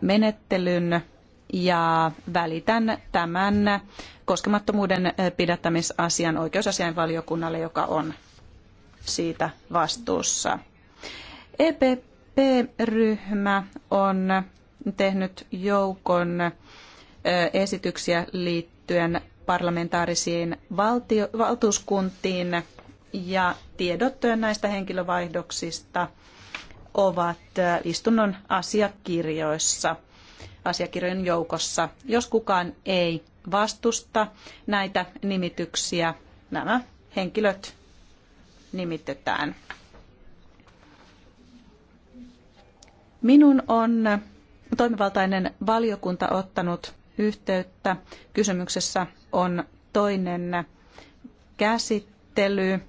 menettelyn ja välitän tämän koskemattomuuden pidättämisasian oikeusasiainvaliokunnalle, joka on siitä vastuussa. EPP-ryhmä on tehnyt joukon esityksiä liittyen parlamentaarisiin valtio, valtuuskuntiin ja tiedot näistä henkilövaihdoksista – ovat istunnon asiakirjoissa, asiakirjojen joukossa. Jos kukaan ei vastusta näitä nimityksiä, nämä henkilöt nimitetään. Minun on toimivaltainen valiokunta ottanut yhteyttä. Kysymyksessä on toinen käsittely